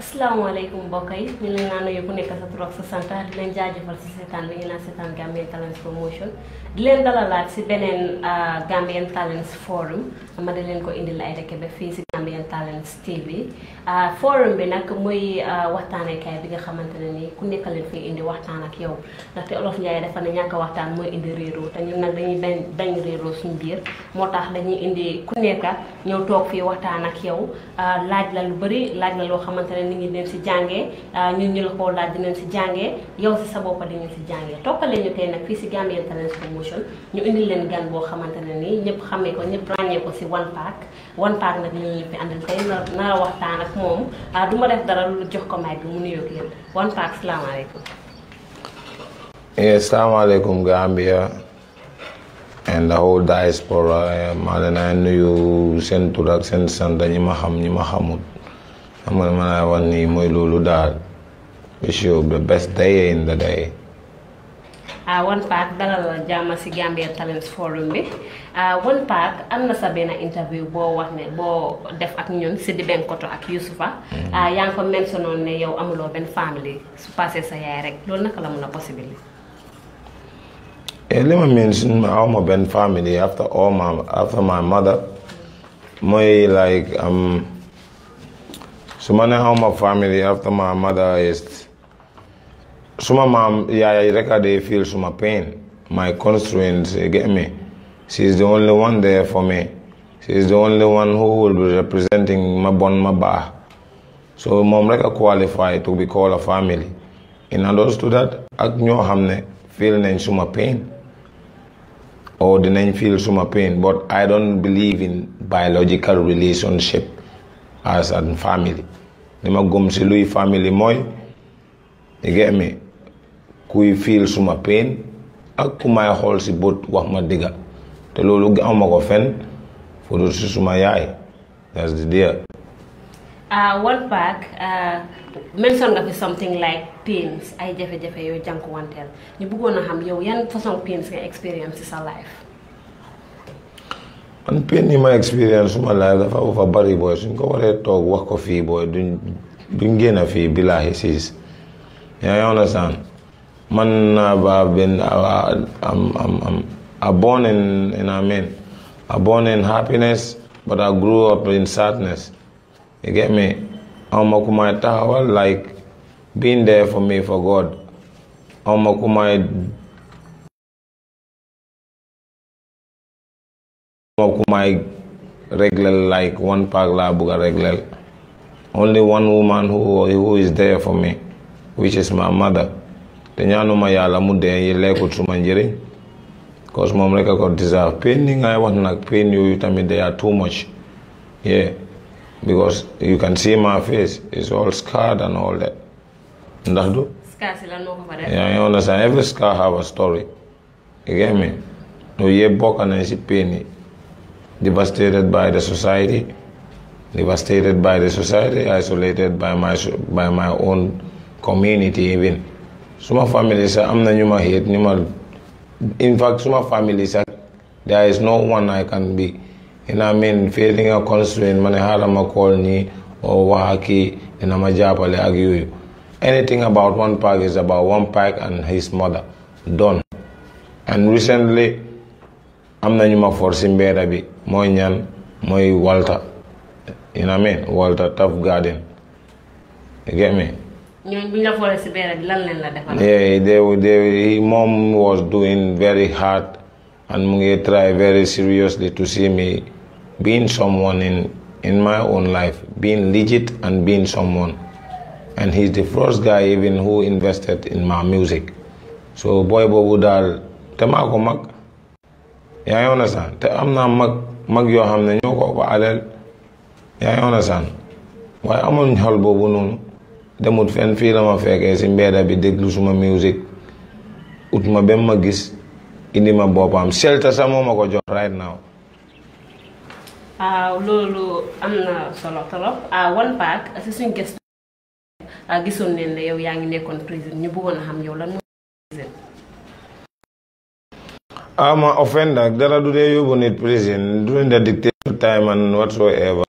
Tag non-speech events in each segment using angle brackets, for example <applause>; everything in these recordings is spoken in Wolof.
asalaamaaleykum mbokk yi ñu leen naa nuyu ku nekk sa tur ak sa sant di leen jaajëfal si seetaan bi ñu naan seetaan Gambian Talents Promotion di leen dalalaat si beneen ah, Gambian Talents Forum ma di leen ko indil ay rek ba fii si Gambian Talents TV ah, forum bi nag muy ah, kay bi nga xamantene ni ku nekkal fi indi waxtan ak yow te olof ñay dafa ne ñaka waxtan moy indi réeroo te ñun nak dañuy bañ bañ suñu biir motax dañuy indi ku nekk ñew tok fi waxtan ak yow ah, laaj la lu bari laaj la lo xamantene ni ngi dem ci si ñun ñu la ko laaj dinañ si jàngee yow ci sa di dinañ si jàngee toppale ñu tay nak fi ci Gambian Talents Promotion ñu indi leen gan bo xamantene ni ñepp xamé ko ñepp rañé ko si One pack One pack nak ñu fi àndal tey nar nar waxtaan ak moom ah, du ma def dara lu jox ko may bi mu nuyoog yéen one pack salaamaaleykum. yes eh, salaamaaleykum Gambia and the whole diaspora eh, Malena, leen ay nuyu seen tur ak seen sant ñi ma xam ñi ma xamut xam ma laa wax nii mooy loolu daal wish you the best day in the day. ah one pack dalal la jàmm si Gambia Talent Forum bi. One uh, Pac am na sa benn interview boo wax ne boo def ak ñun Sidi Koto, ak Youssoufa mm-hmm. uh, yaa ngi ko mentionnoon ne yow amuloo benn family su passé sa yaay rek loolu naka la mun a possible eh, li ma mention aw ma Ben family after all my after my mother mooy like um. suma ne aw ma family after my mother is suma maam yaay rek a dee feel suma pain my constraints, get me she is the only one there for me. She is the only one who will be representing Mabon Maba. So mom like I qualify to be called a family. In addition to that ak ñoo xam feel nañ suma pain or dinañ feel suma pain but I don't believe in biological relationship as a family. li ma gëm luy family moy you get me kuy feel suma pain ak ku may xool si bët wax ma loolu amuma ko fenn fu dul si suma yaay that's the deal. Ah, ah, nga fi something like pains ay jafe-jafe yooyu jànkuwanteel ñu bëggoon a xam yow yan façon pains nga expérience sa life. man pain yi ma expérience suma life dafa fa bari booy suñ ko waree toog wax ko fii booy duñ duñ génn fii bilaahi siis yaa ngi man naa ba benn ah, am am. are born in, in mean, are born in happiness, but I grew up in sadness. You get me? Amakumai Tawa, like being there for me for God. Amakumai Amakumai regular like one pagla buga regular. Only one woman who who is there for me, which is my mother. Tenyano mayala mu de yele manjeri. Because mom like I got deserve painting, I want to pain you, you tell me they are too much. Yeah. Because you can see my face, it's all scarred and all that. And that do? Yeah, you understand? Every scar have a story. You get me? No ye book and then she pain Devastated by the society. Devastated by the society, isolated by my by my own community even. So my family say I'm not you hate, you in fact, some families, there is no one I can be. And I mean, Feeling a constraint, Manahara Makolni or Wahaki and I argue. Anything about one pack is about one pack and his mother. Done. And recently, i am nañu ma force mbeera bi mooy ñan mooy Walter you know what I mean Walter Tough Garden you get me they, mom was doing very hard and Munge tried very seriously to see me being someone in, in my own life, being legit and being someone. And he's the first guy even who invested in my music. So boy bobu dal dama ko mag yaa ngi woon te am naa mag mag yoo xam ko ba alal yaa ngi woon waaye amuñ xol boobu demut fenn fii la ma fekkee si mbeeda bi déglu suma musique ut ma ba ma gis indi ma boppam selta sax moo ma ko jox right now waaw ah, loolu am na solo trop ah, One Pac si suñ gëstu ah, gisoon neen la yow yaa ngi nekkoon prison ñu bëggoon a xam yow lan mooy prison ah dara du dee yóbbu nit prison during the dictator time and whatsoever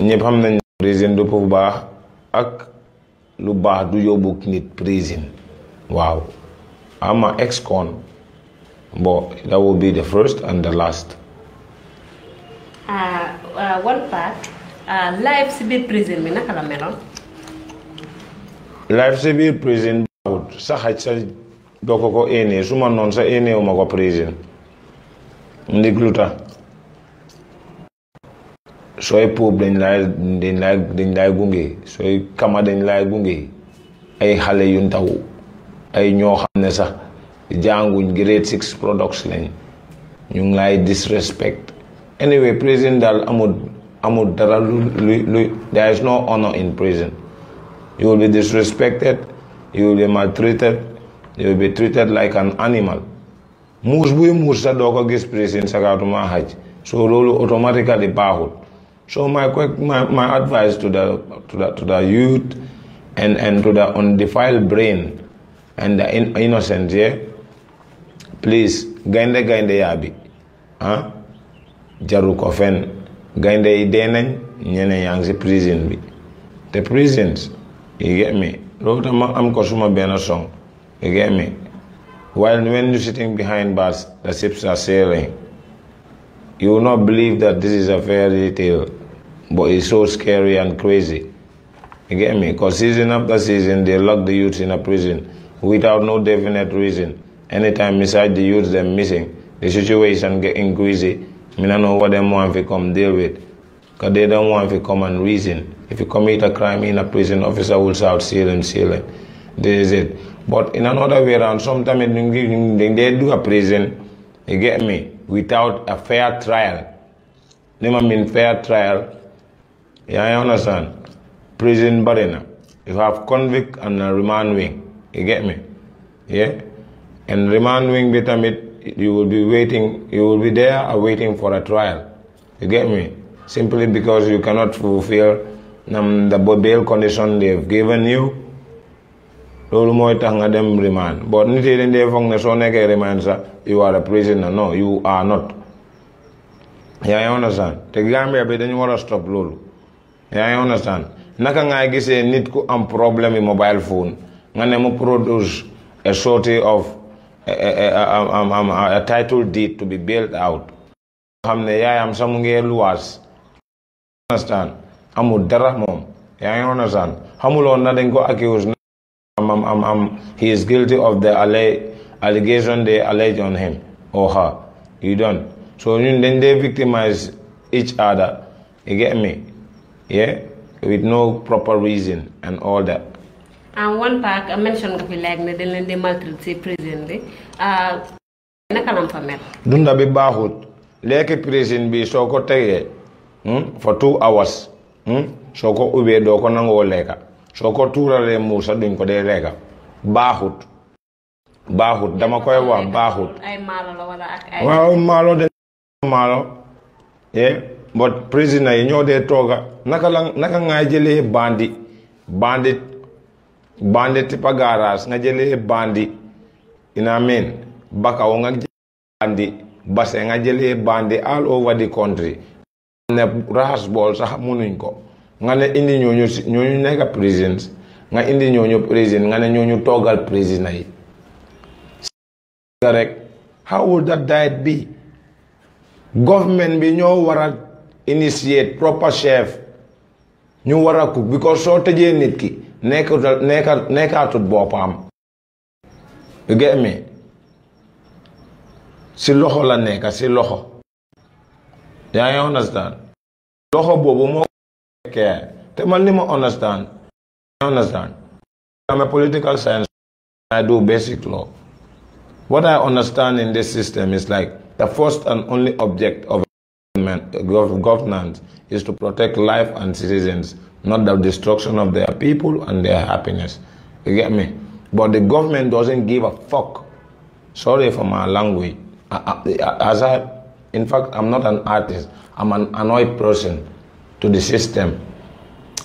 ñëpp xam nañ prison du pour baax ak lu baax du yóbbu nit prison waaw I'm an ex-con that will be the first and the last ah, ah, ah, life si prison bi naka la meloon life si biir prison baaxut sa xaj sa doo ko ko éenee su sa éeneewu ma ko prison ndig lu sooy puub dañ laay dañ laay dañ laay gunge sooy kama dañ laay gunge ay xale yu ndaw ay ñoo xam ne sax jànguñ grade six products lañ ñu ngi laay disrespect anyway prison daal amul amul dara lu lu there is no honor in prison you will be disrespected you will be maltreated you will be treated like an animal muus buy muus sax doo ko gis prison sakaatuma xaj so loolu automatically baaxul so my, my, my advice to the, to the, to the youth and, and to the undefiled brain and the in, innocent, yeah? Please, gainde gainde yabi. Huh? Jaru kofen. Gainde idenen, nyene yangzi prison bi. The prisons, you get me? Lord, I'm, I'm Kosuma Bena song. You get me? While when you're sitting behind bars, the ships are sailing. You will not believe that this is a fairy tale, but it's so scary and crazy. You get me? Because season after season, they lock the youths in a prison without no definite reason. Anytime inside the youths, they're missing. The situation getting crazy. I mean, I know what they want to come deal with. Because they don't want to come and reason. If you commit a crime in a prison, officer will start seal sealing. seal This is it. But in another way around, sometimes they do a prison. You get me? without a fair trial. Never mean fair trial. Yeah, I understand? Prison burden. You have convict and a remand wing. You get me? Yeah? And remand wing betamit, you will be waiting, you will be there waiting for a trial. You get me? Simply because you cannot fulfill um, the bail condition they've given you loolu mooy tax nga dem remand bon nit yi dañ dee foog ne soo nekkee remand sax you are a prisoner No, you are not yaa ngi understand te Gambia bi dañu war stop loolu yaa ngi understand naka ngaa gisee nit ku am problème mobile phone nga ne mu produce a sorty of a a a a a title deed to be built out xam ne yaayam sax mu ngee luwaas understand amul dara mom. yaa ngi understand xamuloon na dañ ko accuse um, um, um, um, he is guilty of the alle allegation they allege on him or her. You don't. So then they victimize each other. You get me? Yeah? With no proper reason and all that. And one part, I mentioned that like ne dañ leen di maltraité prison bi naka la fa mel. dunda bi baaxut lekk prison bi soo ko tegee hmm, for two hours hmm, soo ko ubbee doo ko nangoo soo ko tuuralee muusa duñ ko dee lekka baaxut baaxut dama koy wax baaxut ay maalo waaw maalo de maalo eh but prisoner yi ñoo dee tooga naka la naka nga jëlee bandi bandit bandit tipa nga jëlee bandi ina mean bakaw nga jëlee bandi base nga jëlee bandi all over the country ne raxas bool sax mu nuñ ko nga ne indi ñooñu si ñooñu nekk président nga indi ñooñu président nga ne ñooñu toogal président yi rek how would that diet be government bi ñoo wara a initiate proper chef ñu war a cook because soo tëjee nit ki nekkatul nekkatul nekkatul boppam you get me si loxo la nekka si loxo yaa ngi understand loxo boobu moo care. they man never understand. understand. I'm a political science. I do basic law. What I understand in this system is like the first and only object of governance is to protect life and citizens, not the destruction of their people and their happiness. You get me? But the government doesn't give a fuck. Sorry for my language. As I, in fact, I'm not an artist. I'm an annoyed person. to the system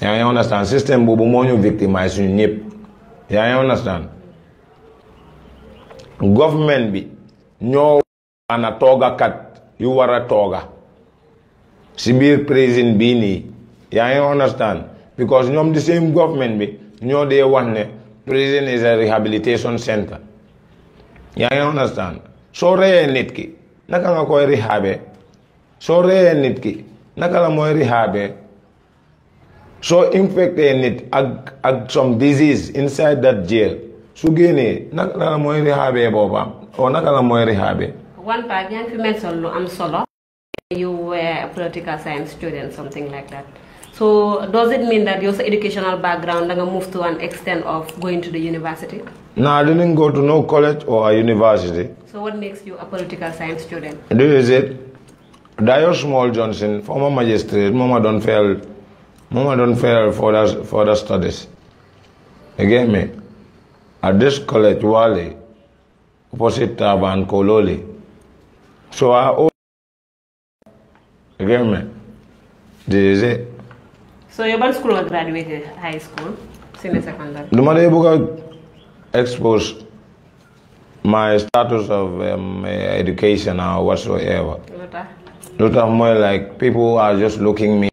yaa ngi understand system boobu moo ñu victimize ñu ñëpp yaa ngi understand government bi ñoo waana toogakat yu war a tooga si biir prison bii ni yaa ngi understand because ñoom di same government bi ñoo dee wax ne prison is a rehabilitation center yaa ngi understand soo reyee nit ki naka nga koy rehabe soo reyee nit ki naka la mooy so soo infecté nit ag ak some disease inside that jail su génnee nakala mo mooy boba, boobaam nakala naka la oh, one part yaa ngi fi mention lu am solo. you were a political science student something like that. So does it mean that your educational background and move to an extent of going to the university? No, I didn't go to no college or a university. So what makes you a political science student? This is it. Dio Small Johnson, former magistrate, Mama don't fail, Mama don't fail for the, for the studies. You get me? At this college, wally, opposite Taba and Kololi. So I owe, you get me? This is it. So your band school graduated high school, senior secondary. The Madabuga exposed my status of um, education or whatsoever. What Lot of more like people are just looking me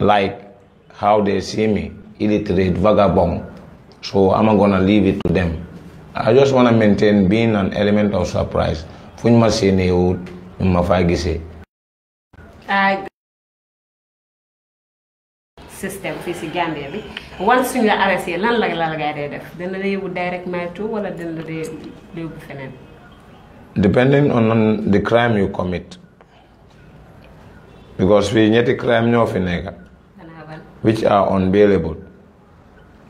like how they see me, illiterate, vagabond. So I'm not gonna leave it to them. I just wanna maintain being an element of surprise. Funma se ne o mafagise. I system fii si Gambia bi once suñ la arrêté lan la la gaay dee def dana la yóbbu direct maytu wala dana la yóbbu feneen. depending on the crime you commit because need a crime ñoo fi which are unbailable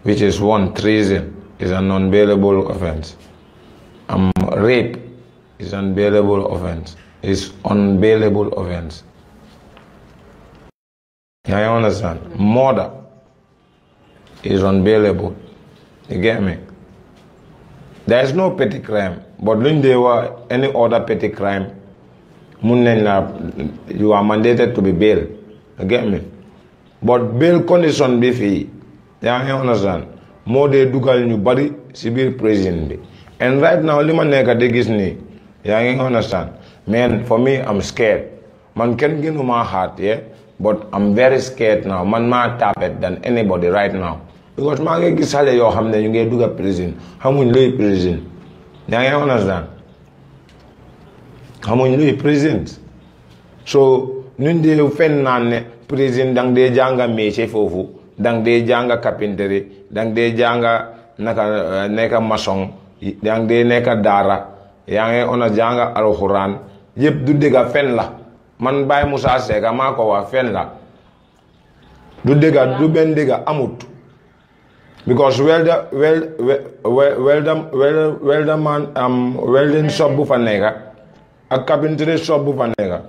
which is one treason is an unbailable offence um, rape is unbailable offence is unbailable offence I understand murder is unbailable you get me there is no petty crime but when there were any other petty crime mun nañ la you are mandated to be bail get me but bail condition bi fii yaa ngi understand moo dee dugal ñu bari si biir prison bi and right now li ma nekk di gis nii yaa ngi understand man for me am scared man kenn gënu maa xaat yeah but I'm very scared now man maa tapet than anybody right now because maa ngi gis xale yoo xam ne ñu ngi dugg prison xamuñ luy prison yaa ngi understand xamuñ luy président so nun dee fen naan ne président dang dee jànga métier foofu dang dee jànga carpinterie dang dee jànga naka euh, nekka maçon dang dee nekka daara yaa ngi ona jànga alxuraan yëpp du dëgga fen la man Baye Moussa Seck maa ko wax fen la du dëgga du benn dëgga amut because welder welder man welding shop fa nekka A carpentry shop bufanega.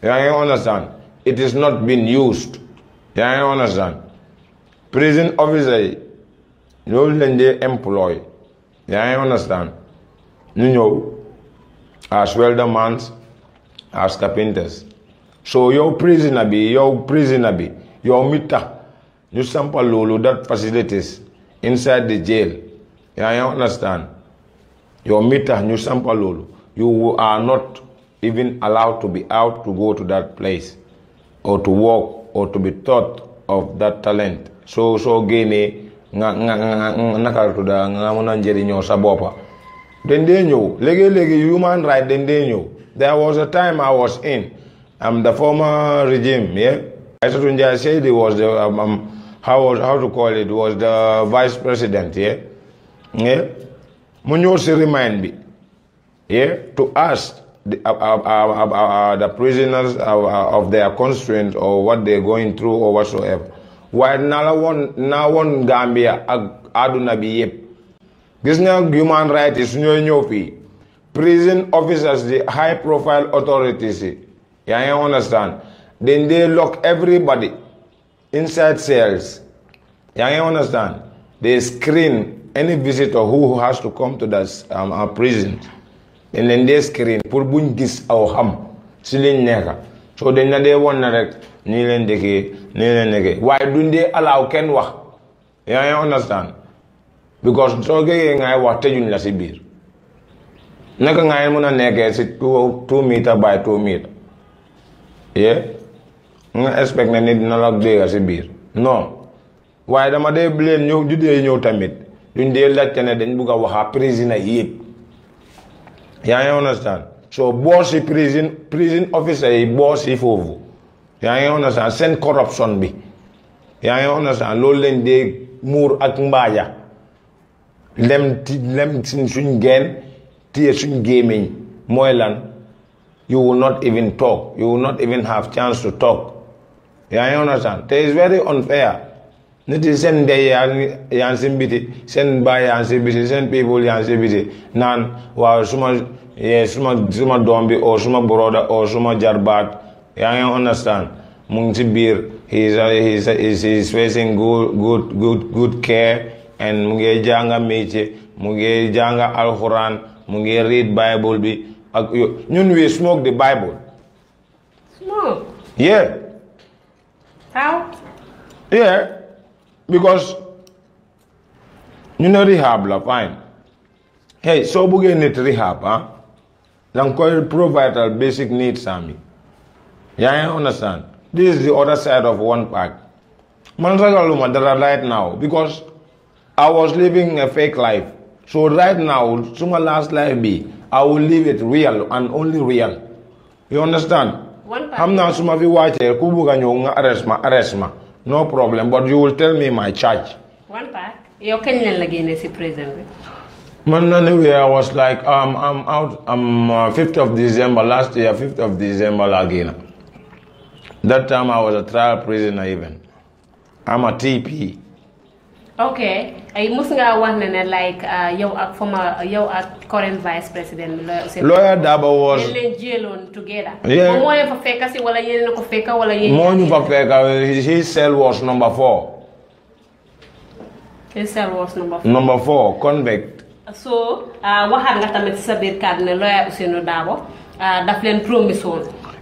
Yeah, I understand. It is not being used. Yeah, I understand. Prison officer, no lende employ. Yeah, I understand. You know, as weldermans, as carpenters. So your prisoner be, your prisoner be, your meter, you sample lolo that facilities inside the jail. Yeah, I understand. Your meter, you sample lolo you are not even allowed to be out to go to that place or to walk, or to be taught of that talent so so génnee nga nga nga naka tudda nga mën a njëriñoo sa boppa dañ dee ñëw léegi-léegi human right dañ dee ñëw there was a time I was in um, the former regime yeah I said when I said Seydi was the um, um, how was how to call it was the vice president yeah yeah mu ñëw si remind bi yeah, to ask the, uh, uh, uh, the prisoners of their constraints or what they're going through or whatsoever. While now one Gambia, Adunabi Yep. This human rights is fee Prison officers, the high profile authorities, yeah, I understand. Then they lock everybody inside cells. Yeah, I understand. They screen any visitor who has to come to that um, prison. de leen dee screen pour buñ gis aw xam si liñ nekka soo dañ na dee won na rek nii leen dëkkee nii leen nekkee waaye duñ dee alaaw kenn wax yaa ngi understand because soo géegee ngay wax tëjuñ la si biir naka ngay mën a nekkee si two meter by two meter yee nga expect na nit dina la dégga si biir no waaye dama dee leen ñëw ju dee ñëw tamit duñ dee laajte ne dañ bugg a waxa président yëpp yaa ngi understand so boss yi prison prison officer yi boss yi foofu yaa ngi understand seen corruption bi yaa ngi understand loolu lañ dee muur ak mbaaja lem ti suñ geen téye suñ gémmiñ mooy lan you will not even talk you will not even have chance to talk yaa ngi understand te is very unfair nit yi seen ndey yaa yaa ngi si biti seen baay yaa si biti seen people yaa si biti naan waaw suma eh, suma doom bi oo suma broda oo suma jarbaat yaa ngi understand mu ngi si biir he is he is facing good good good good care and mu ngi jànga métier mu ngi jànga alxuraan read bible bi ñun we smoke the bible. smoke. because you ne rehab la fine hey soo buggee need rehab ah danga provide our basic needs sami Yeah, I understand this is the other side of one pack man ragaluma dara right now because I was living a fake life so right now my last life be I will live it real and only real you understand. xam naa su ma fi wàccee ku watch a ñëw nga arrest ma arrest ma. No problem, but you will tell me my charge. One pack. You're Kenyan again, is prison. Man, anyway, I was like, um, I'm out, I'm um, uh, 5th of December, last year, 5th of December, again. That time I was a trial prisoner even. I'm a TP. ok ay mos ngaa wax ne ne like ah, yow ak former yow ak current vice president Lawyer Darboe was yéen leen jëloon together. yéen moo fa fekka si wala yéen ko fekka wala yéen. moo ñu fa fekka his cell was number four. his cell was number four. convict. so ah, waxaat nga tamit sa biir kàddu ne Lawyer Ousainou ah, daf leen promise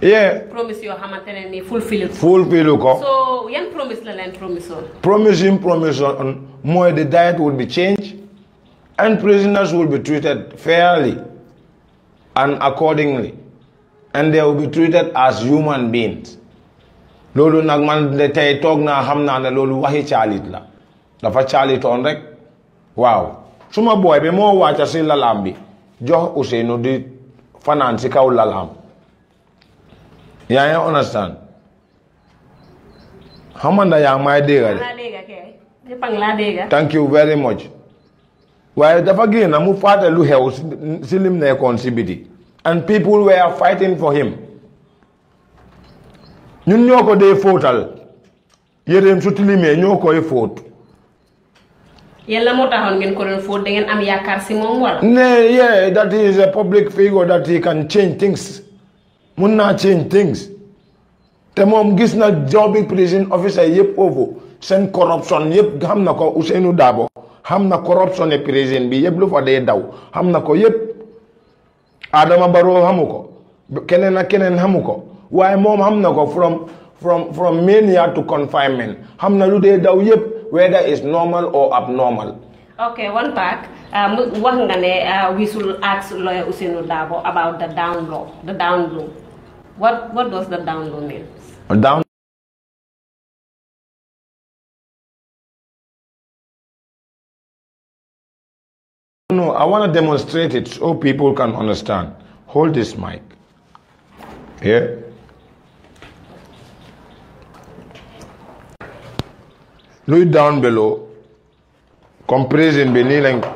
yeah promise yoo xamante ne fulfill it. Fulfill ko so yan promise la leen promise woon promise yi promise woon more. the diet will be changed and prisoners will be treated fairly and accordingly and they will be treated as human beings Lolo nag man de tey toog na xam naa ne loolu waxi la dafa caalitoon rek Wow, suma boy, be moo wàcca si lalaam bi jox Ousseynou di fanaan si yeah, I don't understand. How much are you my day? Thank you very much. Well, the again, I'm father Lu House, Silim Neconcibity. And people were fighting for him. You know, ko dee fóotal you su tilimee ñoo koy You know, la moo taxoon ngeen ko doon fóot da am yaakaar si moom yeah that is a public figure that he can change things mun naa change things te mom gis na jobi prison officer yëpp over seen corruption yep xam na ko Ousseynou Dabo xam na corruption ne prison bi yëpp lu fa dee daw xam na ko yëpp Adama hamuko xamu ko keneen ak keneen xamu ko xam na ko from from from mania to confinement xam na lu dee daw whether is normal or abnormal. Okay, one back. Um, uh, we should ask lawyer Usenu Dabo about the down law, the down law. What what does the down low mean? Down No, I want to demonstrate it so people can understand. Hold this mic. Yeah. Look down below. Compress in Benin and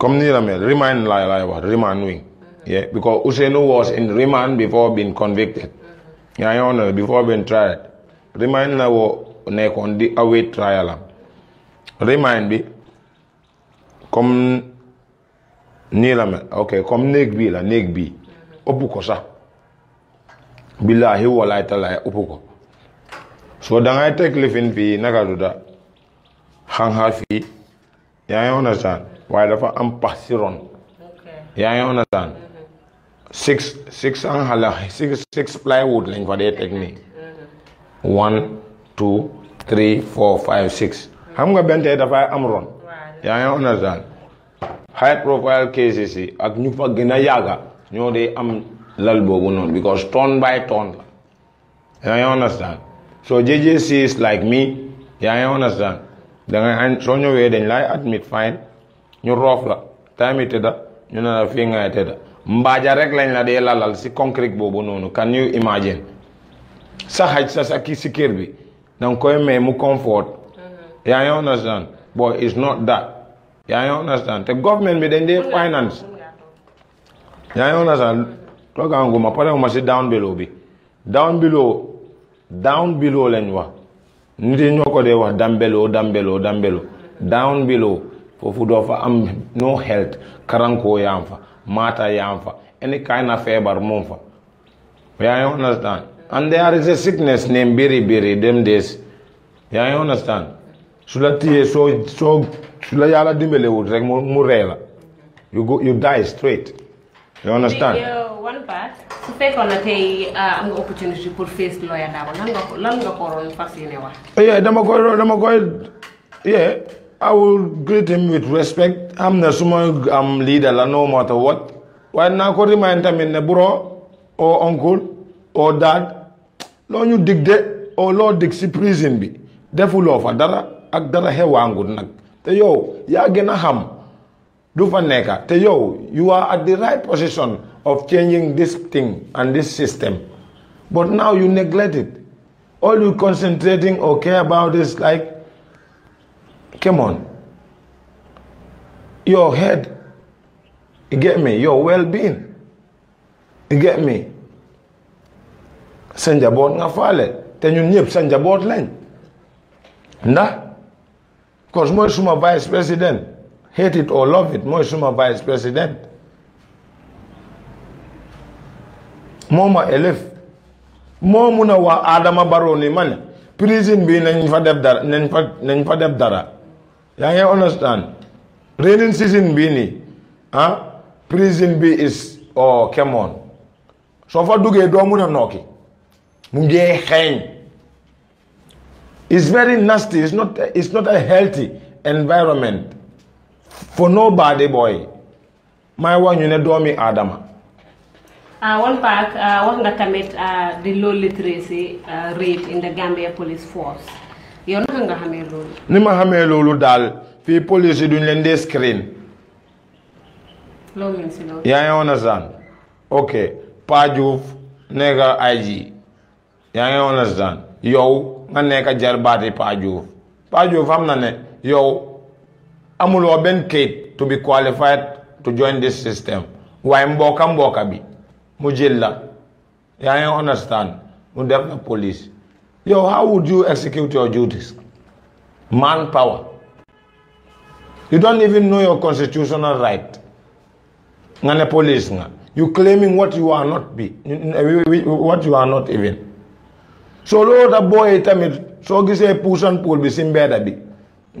come near me. Remind lie lie Remind wing. Yeah, because Usenu was in remand before being convicted. Yeah, I honor before being tried. Remand na wo ne kondi await trial. Remand be comme ni la ok comme neg bi la neg bi opu Bila sa billahi wallahi taala opu ko so dangay tek lifin fi nagaruda duda hang ha fi yaa ngi understand waaye dafa am pasiron yaa ngi understand six six and hala six six plywood lañ fa dee teg nii one two three four five six xam nga bentee dafay am ron yaa ngi understand high profile cases yi eh, ak ñu fa gën a am lalbo boobu because ton by ton Yeah, I understand so JJC is like me Yeah, I understand dangay soo ñëwee dañ lie admit fine You rough eh, la time yi eh, tëdda ñu ne la fii ngay mbaaja rek lañ la dee lalal si concrete boobu noonu can you imagine sa xaj sa sa kii si kër bi danga koy may mu comfort mm-hmm. yaa ngi understand boy it's not that yaa ngi understand te government bi dañ dee finance yaa ngi understand toogaanguma parewuma si down below bi down below down below lañ wax nit yi ñoo ko dee wax dambeloo dambeloo dambeloo down below foofu doo fa am no health karankoo yaam fa matter yamfa, any kind of fever mumfa. Yeah, you understand? And there is a sickness named biri biri them days. Yeah, you understand? Sula tiye so so sula yala dimele utrek murela. You go you die straight. You understand? Yo, one part. Su fekkoon na tey am uh, an opportunity put face lawyer now. lan nga ko lan nga ko waroon fas yéene wax. Yeah, going to dama koy yeah. I will greet him with respect. I'm the sumo um, leader, no matter what. When I call him, I'm in the bro or uncle or dad. No, you dig that or Lord Dixie prison be. Deful of Adara, Agdara Hewangu Nak. Te yo, gena Ham, Dufaneka. Te yo, you are at the right position of changing this thing and this system. But now you neglect it. All you concentrating or care about is like Come on. Your head, you get me? Your well being, you get me? Send Sanja bot nga Then you nip send your board len. ndax cause mooy suma vice president hate it or love it mooy suma vice president moo ma élève moo wa a wax Adama baroni ni ne prison be nañ fa dara nañ fa dara yeah, ngi understand raining season bii nii ah prison be is oh come on So far, do get mun a nokki mu it's very nasty it's not it's not a healthy environment for nobody boy one you need ne adama. aadama uh, one back uh, wax nga tamit uh, the low literacy rate in the Gambia police force yow ni ma xamee loolu daal fii police duñ screen. loolu si understand ok Pa Nega nekk IG yaa ngi understand yow nga Neka jarbaati Pa Diouf Pa na ne yow amuloo benn kayit to be qualified to join this system waaye mbooka mbooka bi mu jël la understand mu def police. Yo, how would you execute your duties? Manpower. You don't even know your constitutional right. Ngane police nga. You claiming what you are not be, what you are not even. So Lord, da boy me. so gise push and pull be simbeda bi.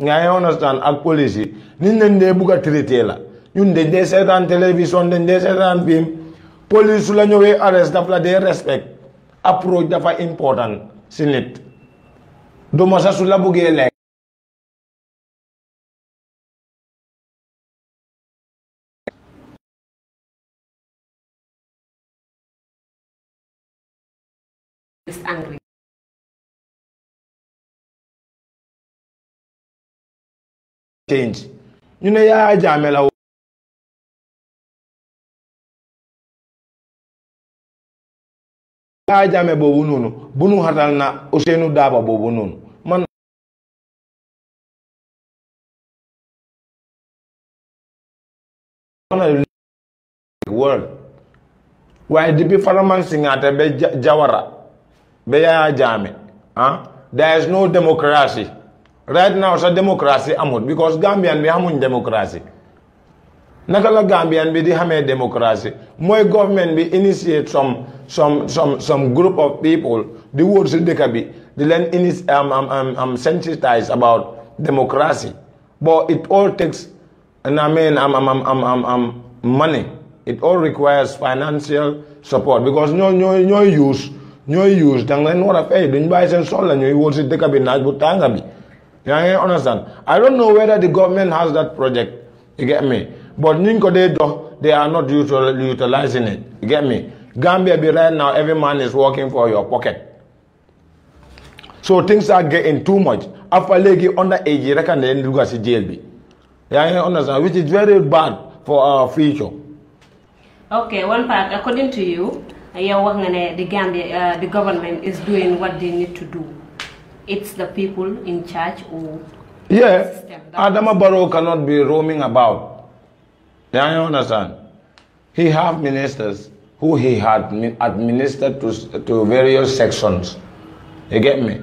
I understand A police nin den de buga traité la. Ñun de de setan television de de setan beam. police la ñewé arrest daf respect approach dafa important. sinit domasa sulla bugie e lei is angry change ñu ne yaa jaamelaw Yaya Jammeh na world waaye depuis Faraman at ba Jawara be Yaya Jammeh ah there is no democracy right now sa democracy amut because Gambian bi xamuñ democracy Nakala la Gambian bi di hamé démocratie mooy government bi initiate some some some some group of people the words si dëkk bi di leen init am am am sensitized about democracy but it all takes I mean am am am am am money it all requires financial support because no ñooy ñooy use no use da nga leen war a fay duñ bàyyi seen and ñooy wóor si dëkk bi naaj bu tànga yaa understand I don't know whether the government has that project you get me but Ninkodedo, they are not utilizing it. You get me? Gambia be right now, every man is working for your pocket. So things are getting too much. After legi under age, you reckon they go to jail. Yeah, understand? Which is very bad for our future. Okay, one part, according to you, the Gambia, uh, the government is doing what they need to do. It's the people in charge or yeah, Adama Barrow cannot be roaming about. I you understand? He have ministers who he had administered to, to various sections. You get me?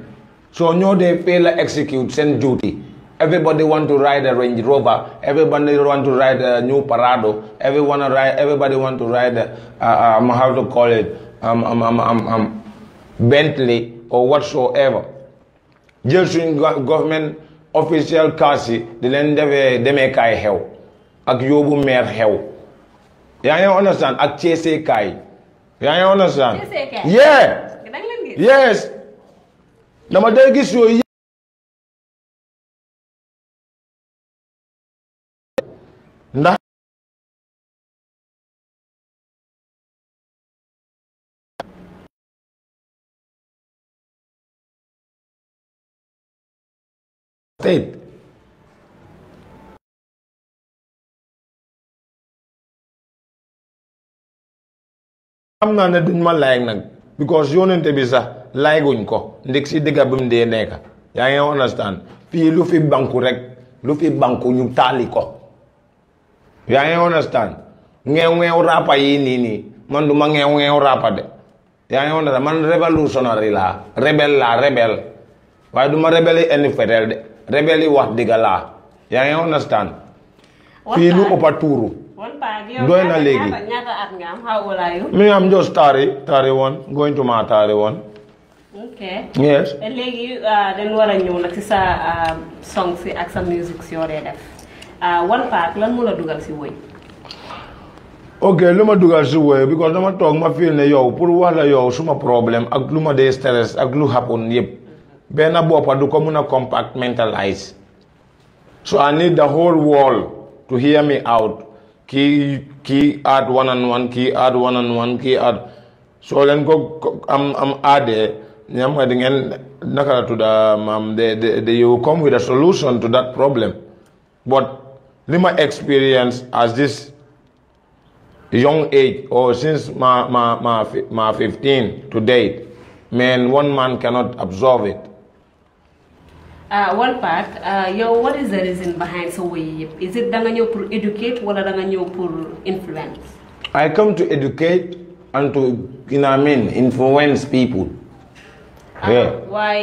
So no, they fail to execute send duty. Everybody want to ride a Range Rover. Everybody want to ride a new Parado. Everyone ride. Everybody want to ride. A, uh, um, how to call it? Um, um, um, um, um, Bentley or whatsoever. Just in government official cars, they make I help. ak yóbbu meer xew yaa ngi understand ak ceesekaay yaa ngi understand yeah yes dama day gis yooyu ndax amna ne duñ ma lay nag because yonente bi sax guñ ko ndik ci diga Yang mu dee ya yaa understand pi lu fi banku rek lu fi banku ñu taali ko yaa ya, understand ngeew ngeew rapa yi ni ni man duma ngeew ngeew rapa de ya, ya understand man revolutionary la rebel la rebel way duma rebel rebeli any de rebeli wax diga Yang ya ngi ya, understand pi lu opaturu. One bag. Going a legi. How old are you? Me, I'm just tari, tari one. Going to my tari one. Okay. Yes. And eh, legi, uh, ah, then what I knew, like this, uh, ah, songs, ak sa music, si yore def. Uh, one bag, lan mo la dugal si woy? ok lu ma dugal si wooye because dama toog ma feel ne yow pour wax la yow suma problème ak lu stress ak lu happen yëpp benn boppa du ko mun compartmentalize so I need the whole world to hear me out Key, key add one and one key add one and one key add soo leen go am am add ñam nga di ngeen naka la tudda de de you come with a solution to that problem but lima experience as this young age or since my, my, my, my 15 to date, man, one man cannot absorb it. Uh, one part uh, yo, what is the reason behind So we is it danga nga ñëw pour educate wala da nga pour influence. I come to educate and to you know I mean influence people. Uh, yeah. Why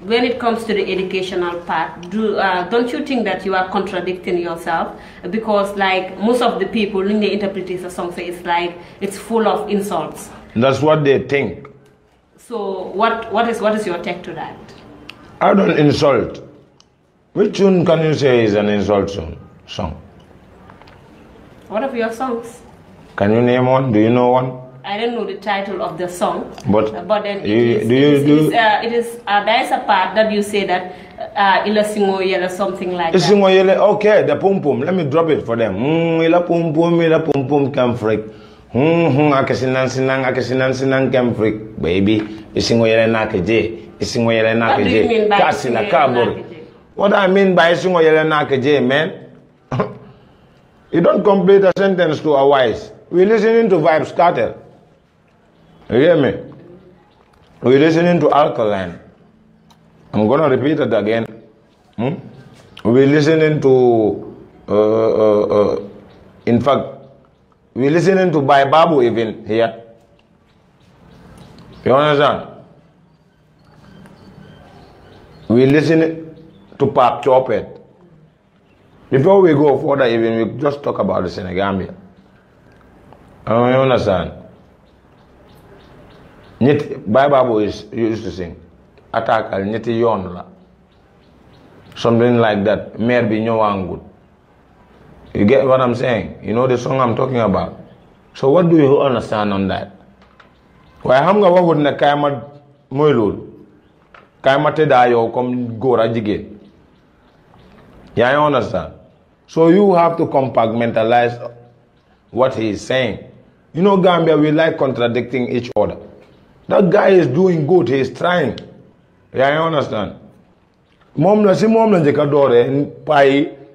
when it comes to the educational part, do, uh, don't you think that you are contradicting yourself? Because like most of the people, when they interpret the song, say it's like it's full of insults. That's what they think. So what what is what is your take to that? I don't insult. Which tune can you say is an insult song? Song. One of your songs. Can you name one? Do you know one? I don't know the title of the song. But, uh, but then it is, do you do? It is, uh, there is uh, a part that you say that ila singo yele something like that. Singo yele. Okay, the pum pum. Let me drop it for them. Mm, ila pum pum, ila pum pum, come freak. Hmm, hmm ake sinang sinang ake sinang sinang kem freak baby isingo yele na keje isingo yele na keje kasi na kabur what i mean by isingo yele na keje man <laughs> you don't complete a sentence to a wise we are listening to vibes cartel you hear me we are listening to alkaline i'm gonna repeat it again hmm? we are listening to uh, uh, uh, in fact we're listening to by Bible even here. You understand? We listen to Pap Chopet. Before we go further, even we just talk about the Senegambia. I oh, you understand? Nyeti, Bible is used to sing. Attack al nyeti yon la. Something like that. Mer bi nyowangut. You get what I'm saying? You know the song I'm talking about. So what do you understand on that? Why xam nga waxut ne kaay ma mooy loolu kaay ma tëddaa yow comme góor understand so you have to compartmentalize what he is saying you know Gambia we like contradicting each other that guy is doing good he is trying Yeah, I understand moom la mom moom la njëkk a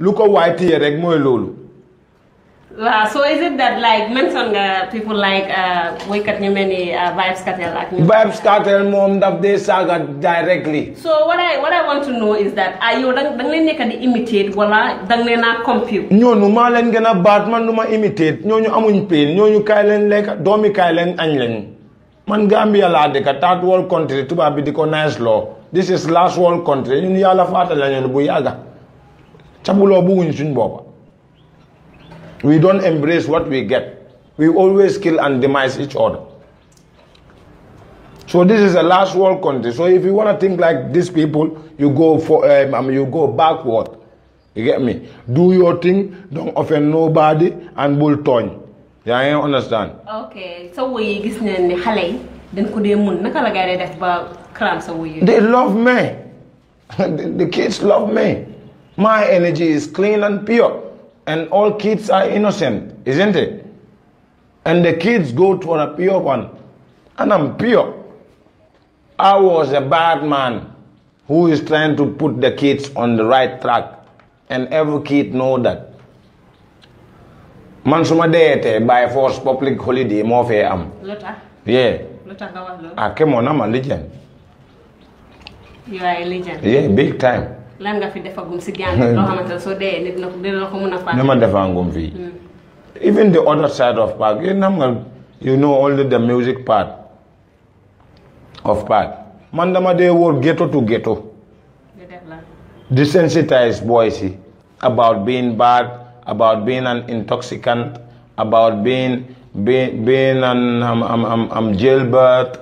lu ko waay téye rek so is it that like mention nga people like uh, woykat ñu many uh, vibes Vybz like vibes Vybz mom moom daf dee directly. so what I what I want to know is that are ah, you da nga leen nekk di imitate wala da nga leen a compute. ñooñu maa leen gën baat man du imitate ñooñu amuñ pain ñooñu kaay leen lekk doomi kaay leen añ leen. man Gambia laa dëkk third world country Tuba bi nice law this is last world country ñun yàlla fata la ñoon bu capuloo bugguñ suñ boppa we don't embrace what we get we always kill and demise each other so this is a last world country so if you want to think like these people you go for um, um, you go backward you get me do your thing don't offend nobody and bull tooñ Yeah, i understand ok So we yi gis nañ ni xale yi dañ ko dee mun naka la gaa dee def ba cram sa woy they love me <laughs> the kids love me my energy is clean and pure, and all kids are innocent, isn't it? And the kids go to a pure one, and I'm pure. I was a bad man who is trying to put the kids on the right track, and every kid know that. Mansuma su by force public holiday more fee am. lu yeah. Lota tax nga wax loolu. ah na legend. you are a legend. yeah big time nga fi <laughs> hmm. even the other side of park nga you know only the music part of park man dama ghetto to ghetto. desensitized boys about being bad, about being an intoxicant, about being being, being an um, um, um, jailbird.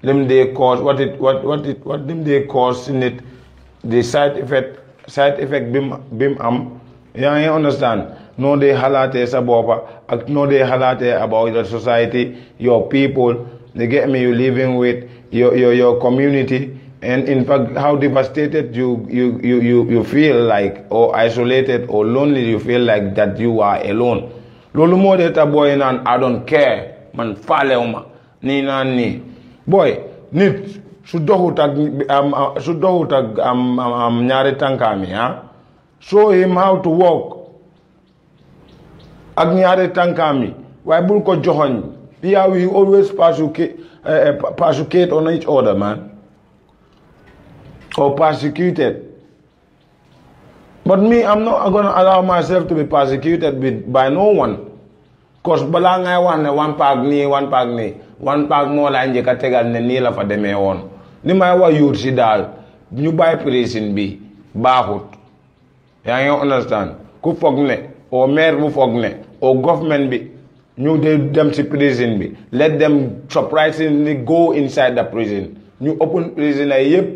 Them they cause what it what what it what them they cause in it the side effect side effect bim, bim, am yaa ngi understand no they xalaatee sa boppa ak No, dee halate about your society your people the get me you living with your your your community and in fact how devastated you you you you, you feel like or isolated or lonely you feel like that you are alone loolu mo de ta boy nan, I don't care man uma ni na ni, boy nit su doxut ak am su doxut ak am am ñaari tànkaam yi ah show him how to walk ak ñaari tànkaam yi waaye bul ko joxoñ yeah we always persecute eh, eh, persecute on each other man or persecuted but me I'm not gonna allow myself to be persecuted with, by no one cause balaa ngay wax ne one pack ni, one pack ni, one pack mo laa njëkk a tegal ne nii la fa demee woon li may wax yuut si daal ñu bàyyi président bi baaxut yaa ngi understand ku foog ne au maire bu foog ne government bi ñu de dem si prison bi let them surprisingly go inside the prison ñu open prison ay yëpp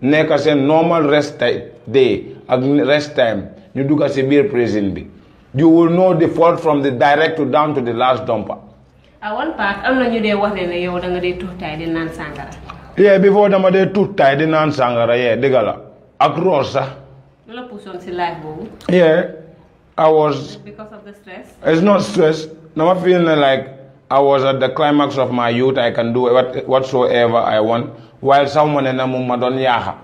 nekk seen normal rest day ak rest time ñu dugga si biir prison bi you will know the fault from the direct to down to the last dumper. I one part am na ñu dee wax ne yow da nga dee tuxtaay di naan sàngara yeah before dama dee tuut taay di naan sàngara yeah dëgg la ak roor sax. lu la life boobu. yeah I was. because of the stress. it's not stress I'm feeling like I was at the climax of my youth I can do what whatsoever I want while someone in na mu yaha.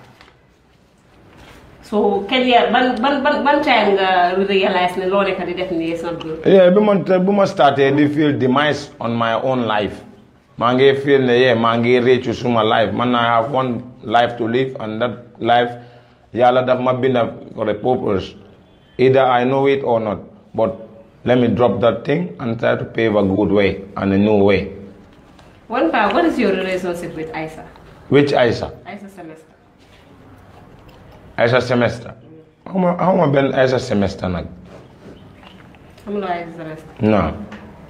so career ban ban ban ban time uh, nga realize ne loo nekk di def it's not good. yeah bi ma bu ma startee feel demise on my own life. Mange feel the yeah, mange reach to my life. Man, I have one life to live, and that life, yala that ma binda for the purpose. Either I know it or not. But let me drop that thing and try to pave a good way and a new way. One part, what is your relationship with Isa? Which Isa? Isa semester. Isa semester. How am how am been Isa semester now? I'm not Isa semester. No.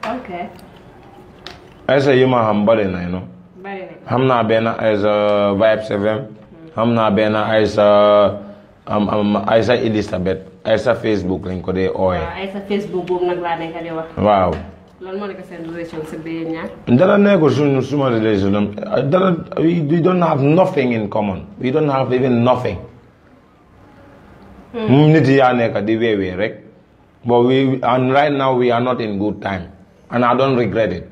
Okay ay sa yima ham bare na no ham na I'm not sa vibes fm ham mm-hmm. na be na ay sa am not ay sa elizabeth ay sa facebook lañ ko dee ooye ay sa facebook link or laa nekk di wax waaw lan moo nekk seen relation si biir we don't have nothing in common we don't have even nothing hmm. mm, nit but we and right now we are not in good time and I don't regret it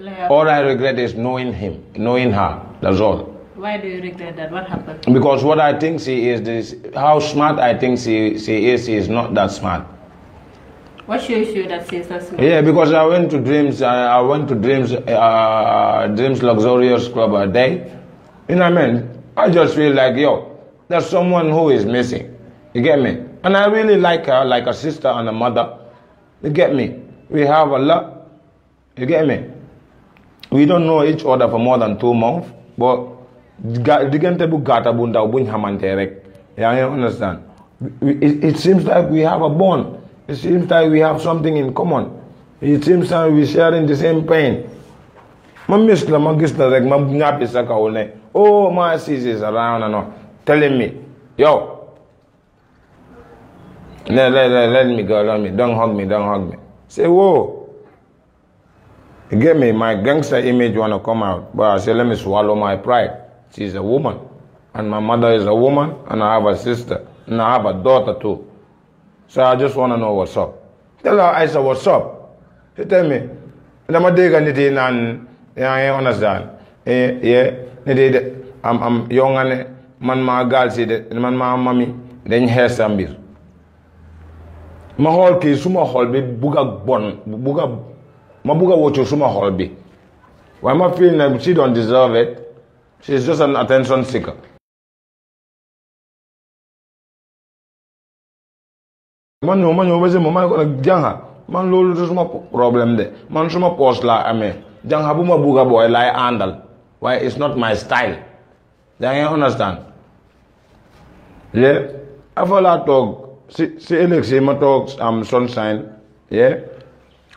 like, all I regret is knowing him, knowing her. That's all. Why do you regret that? What happened? Because what I think she is, this how smart I think she, she is, she is not that smart. What shows you that she is not smart? Yeah, because I went to Dreams, I, I went to Dreams, uh, uh, Dreams Luxurious Club a day. You know what I mean? I just feel like, yo, there's someone who is missing. You get me? And I really like her, like a sister and a mother. You get me? We have a lot. You get me? we don't know each other for more than two months but diggante bu gàtta bu ndaw buñ xamante rek yaa ngi understand it, seems like we have a bond it seems like we have something in common it seems like we sharing the same pain ma miss la ma gis la rek ma ñàppi sa kaw ne oh my sis is around and all telling me yo let, let, let, let me go let me don't hug me don't hug me say whoa Give me my gangster image want to come out, but I say let me swallow my pride. She's a woman, and my mother is a woman, and I have a sister, and I have a daughter too. So I just want to know what's up. Tell her, I said, what's up? She tell me, I'm a dig anything, and I understand. Eh, yeah, yeah, I'm, I'm young and eh, man my gal said, man my mommy. Then xees sa mbir ma My whole case, xool bi bugg ak bon bugg my Mabuga Wochosuma Holby. Why am I feeling like she don't deserve it? She's just an attention seeker. Man no man obeze mo man gonna her. Man lolo just suma problem there. Man just suma post la ame. Jang habu ma buga boy lai handle. Why it's not my style. Then you understand? Yeah. After that talk, see see Alex, my talks um sunshine. Yeah.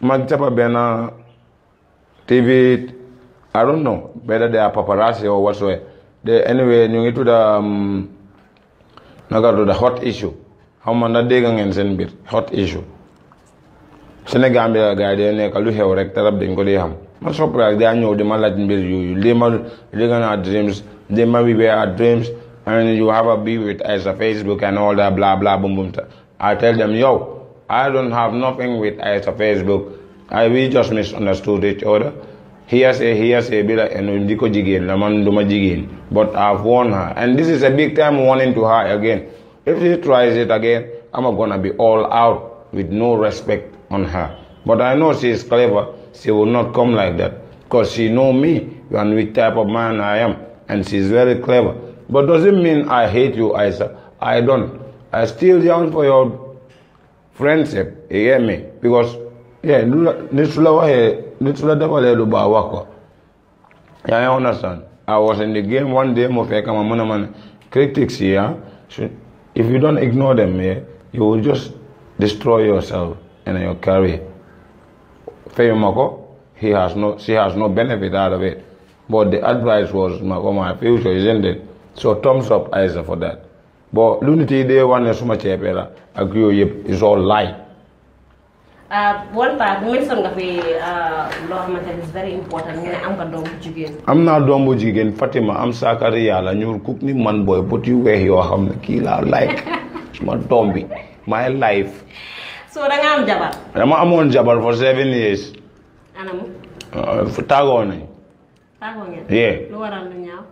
Maktaba banner, TV. I don't know whether they are paparazzi or whatsoever. Eh, they, anyway, ñu to tudda um, to tudda hot issue How ma ndax dégg ngeen seen hot issue Sénégal bi la gars yi day nekk lu xew rek tarab dañ ko dee xam man surprise daa ñëw di ma laaj mbir yooyu lii ma lii dreams They ma be were our dreams and you have a be with us a Facebook and all that blah blah boom boom I tell them yo. I don't have nothing with Isa Facebook. I we just misunderstood each other. He he has a like, and Ndiko Jigin, Lamanduma Jigin. But I've warned her. And this is a big time warning to her again. If she tries it again, I'm gonna be all out with no respect on her. But I know she is clever. She will not come like that. Because she know me and which type of man I am. And she's very clever. But doesn't mean I hate you, Isa. I don't. i still young for your friendship you hear me because yeah nitula he, nitula dabale do ba wako yeah i understand i was in the game one day mo fe kama mona man critics here if you don't ignore them yeah, you will just destroy yourself and your career fayo mako he has no she has no benefit out of it but the advice was my, oh, my future isn't it so thumbs up Isa for that but Lunity, they want to suma chepera. Agree, It's all lie. Ah, ah, am naa doom bu jigéen Fatima am saakari yàlla ñuul kuk ni man boy, but you weex yoo xam ne kii like it's <laughs> my bi my life. so da nga am I'm amoon jabar for seven years. anam. Ah, tàggoo nañ. tàggoo ngeen. lu waral lu ñaaw.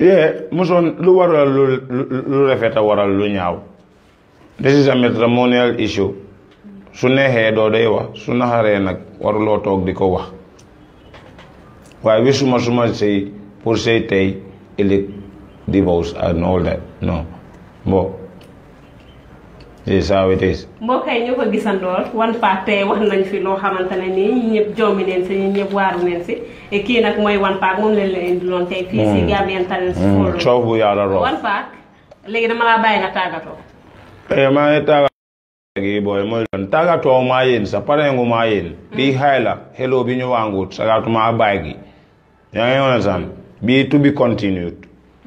yee mosoon lu waral lu lu rafet a waral lu ñaaw this is a matrimonial issue su neexee doo day wax su naxaree nag waruloo toog di ko wax waaye wi suma suma sëy pour sëy tey ëllëg divorce and all that non is how it is. mbokk yi ñu ko gisandoor one pack tey wax nañ fi loo xamante nii ñi ñëpp joomi neen si ñi ñëpp waaru neen si e kii nag mooy one pack moom leen leen indiloon tey fii si mm. Gambian Talents mm. Forum coow bu yàlla rool one pack léegi dama laa bàyyi nga tàggatoo eh, maa ngi tàggatoo gi booy maa yéen mm. bii xay la hello bi ñu waangut sagaatuma a bàyyi gi yaa ngi understand bii to be continued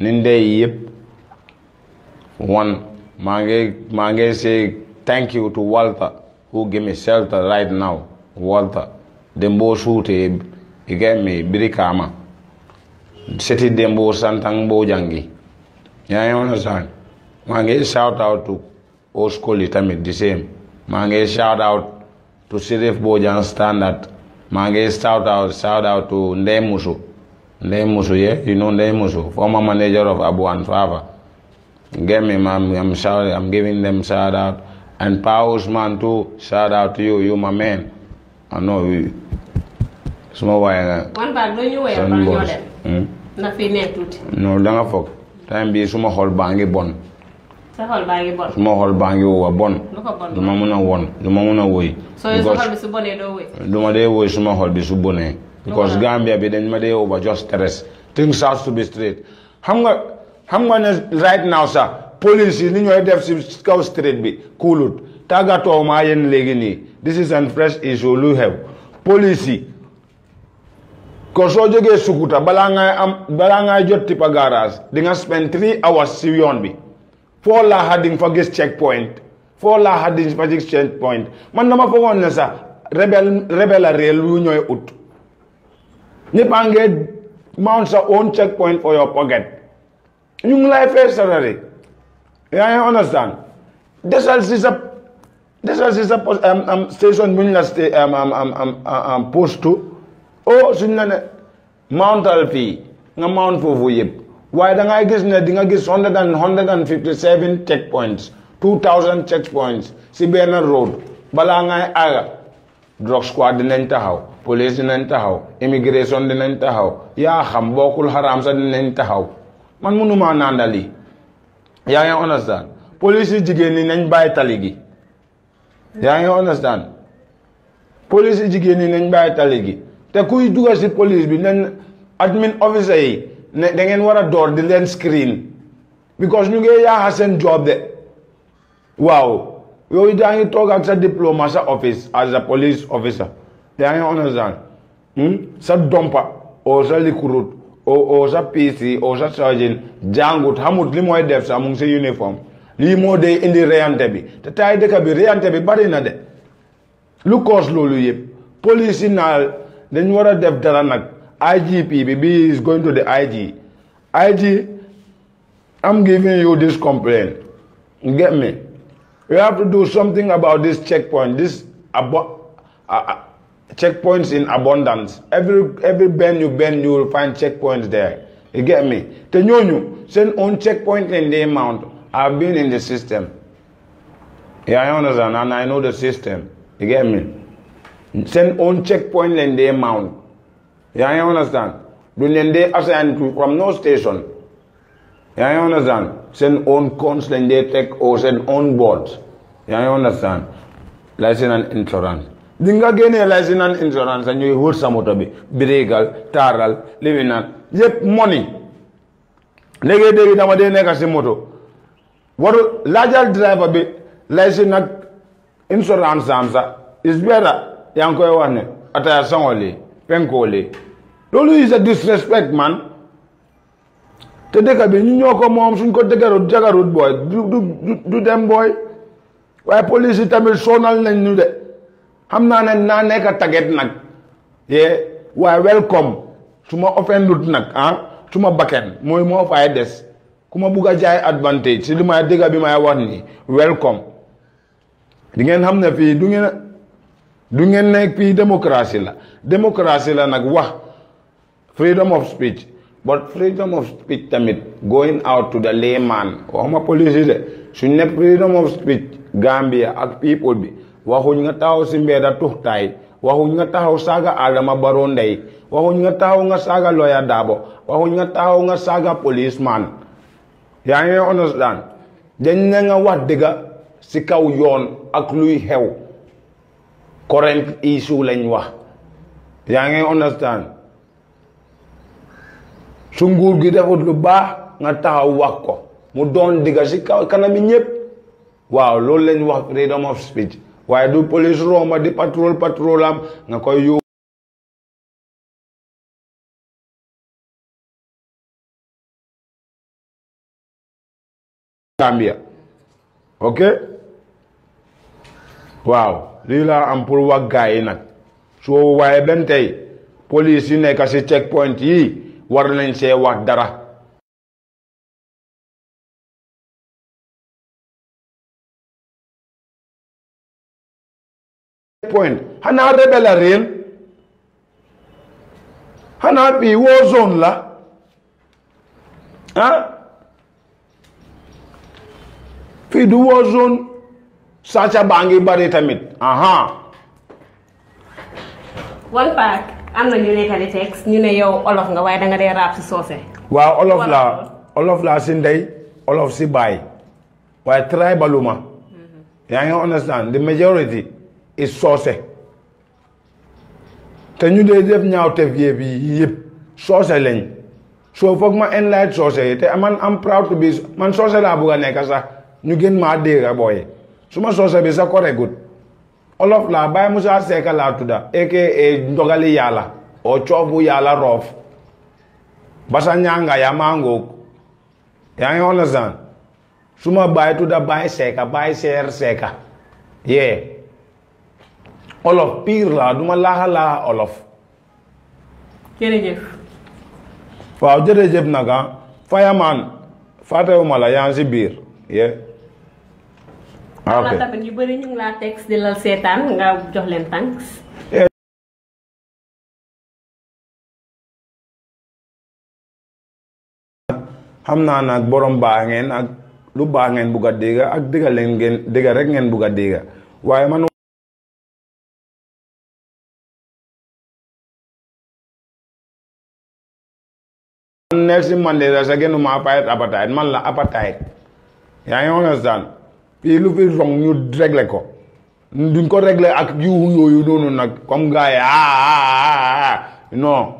ni yep. one maa ngi say thank you to Walter who gave me shelter right now Walter dembo he gave me biri kaama seti dembo santang bo jangi yaa ngi understand maa shout out to Oskoli tamit the same maa shout out to Sirif Bojang Standard maa shout out shout out to Ndey Ndeye Musu, yeah? You know Ndeye Musu, former manager of Abu Anfafa. Get me, I'm, I'm, sorry, I'm giving them shout out. And Pa man too, shout out to you, you my man. I know you. Small wire. One bag, don't you wear, but you're them. Nothing near to No, don't fuck. Time be small hole, bangy bon. Small hole, bangy over bon. The mamuna one, The mamuna way. So you whole be subone, do we? The mamuna way, small whole be subone. because Gambia bi dañ ma dee over just stress things have to be straight xam nga xam nga ne right now sax police yi ni ñooy def si kaw street bi kuulut tagato maa yéen this is an fresh issue lu have, police ko soo jógee Sukuta balaa ngay am dengan ngay jot tipa garage di nga spend three hours si yoon bi foo laaxa di fa gis check point foo laaxa fa gis man dama rebel rebel a réel yu ñooy ut Nippon Gate mounts your own checkpoint for your pocket. You life a salary. Yeah, I understand. This is a this is a um, um, station Munla sta um, um, um, um, uh, um, post to. Oh, sunna mount alfi nga mount fofu yeb. Why da ngay gis ne di nga 157 checkpoints, 2000 checkpoints si road bala ngay aga drug squad dinañ taxaw police dinañ taxaw immigration dinañ taxaw yaa xam bokkul xaraam sax dinañ taxaw man mënumaa nàndal yi yaa ngi understand police yi jigéen ñi nañ bàyyi tali gi yaa ngi understand police yi jigéen ñi nañ bàyyi tali gi te kuy dugal si police bi nañ admin officer yi ne da ngeen war a door di leen screen because ñu ngi yaaxa seen job de waaw You ita an talk at the diplomacy office as a police officer they are yi understand hmm? sa dumper or sa recruit or or sa pc or sa sergeant jangut hamut li moy def sa mu ngi uniform Limo moo in the reyante The tie de dëkk bi reyante bi bari na de look koos loolu yëpp police in all. Then what a def dara nag IGP bi is going to the IG IG I'm giving you this complaint get me we have to do something about this checkpoint. This abo- uh, uh, checkpoints in abundance. Every every bend you bend, you will find checkpoints there. You get me? Tenyonyo, send on checkpoint in the amount. I've been in the system. Yeah, I understand, and I know the system. You get me? Send on checkpoint in the amount. Yeah, I understand. the from no station. yaa ngi understand seen on cons lañ dee teg or seen own boards yaa ngi understand licence and insurance di nga génnee licence and insurance sa ñuy wër sa moto bi birégal taaral liwi naan yëpp money léegi-léegi dama dee nekk moto waru laajal driver bi licence ak insurance am is better yaa ngi koy wax ne ataya penkoo lii loolu is a disrespect man te dëkk bi ñu ñoo ko moom suñ ko dëggarut jagarut booy du du dem booy waaye police yi tamit soonal nañ ñu de xam naa ne naa nekk taget nag yee waaye welcome su ma offendut nag ah su ma bakken mooy moo fay des ku ma bugg a jaay advantage si li may dëgg bi may wax nii welcome di ngeen xam ne fii du ngeen du ngeen nekk fii démocratie la démocratie la nag wax freedom of speech but freedom of speech tamit going out to the layman waxuma police de suñ ne freedom of speech Gambia ak people bi waxuñ nga taxaw si mbeeda tuxtaay waxuñ nga taxaw saaga Adama Barrow ndey nga taxaw nga saaga lawyer dabo. waxuñ nga taxaw nga saaga policeman yaa ngi understand dañ ne nga wax dëgga si kaw yoon ak luy xew current issue lañ wax yaa understand su nguur gi defut lu baax nga taxaw wax ko mu doon digga si kaw kanami ñëpp waaw loolu lañ wax freedom of speech waaye du police rooma di patrol patrol nga koy yu Gambia ok waaw lii laa am pour wax gaa yi nag soo waaye benn police yi nekk si checkpoint yi war nañ see dara point hana rebe la réel xanaa bii woo zone la ah fi du woo zone sàcc baa bari tamit aha wal paak am na ñu nekk di teg ñu ne yow olof nga waaye danga nga dee raap si soose. waaw olof laa olof laa si ndey olof si baay waaye tribaluma mhm. yaa ngi understand the majority is soose te ñu dee def ñaaw tef yëpp yi yëpp soose lañ soo foog ma enlight soose yi te man am proud to be man soose laa bugg a nekk sax ñu gën maa dégg a booye su ma soose bi sa koregut all of la bai musa seka la tuda eke e ndogali yala o chobu yala rof basa nyanga ya mango ya you understand suma bai tuda bai seka bai ser seka yeah all of pir la duma laha laha all of jërëjëf waaw jërëjëf naga fireman fàttewuma la yaa ngi si biir yeah wala tamit ñu bëri ñu ngi laa di la seetaan nga jox leen thanks xam naa nag borom baax ngeen ak lu baax ngeen bugg a dégg ak dégga ngeen dégga rek ngeen bugg a dégg waaye man next man de sa genu ma appetite appetite man la appetite ya ngi understand puis lu fi song comme gars ah, ah, ah, ah non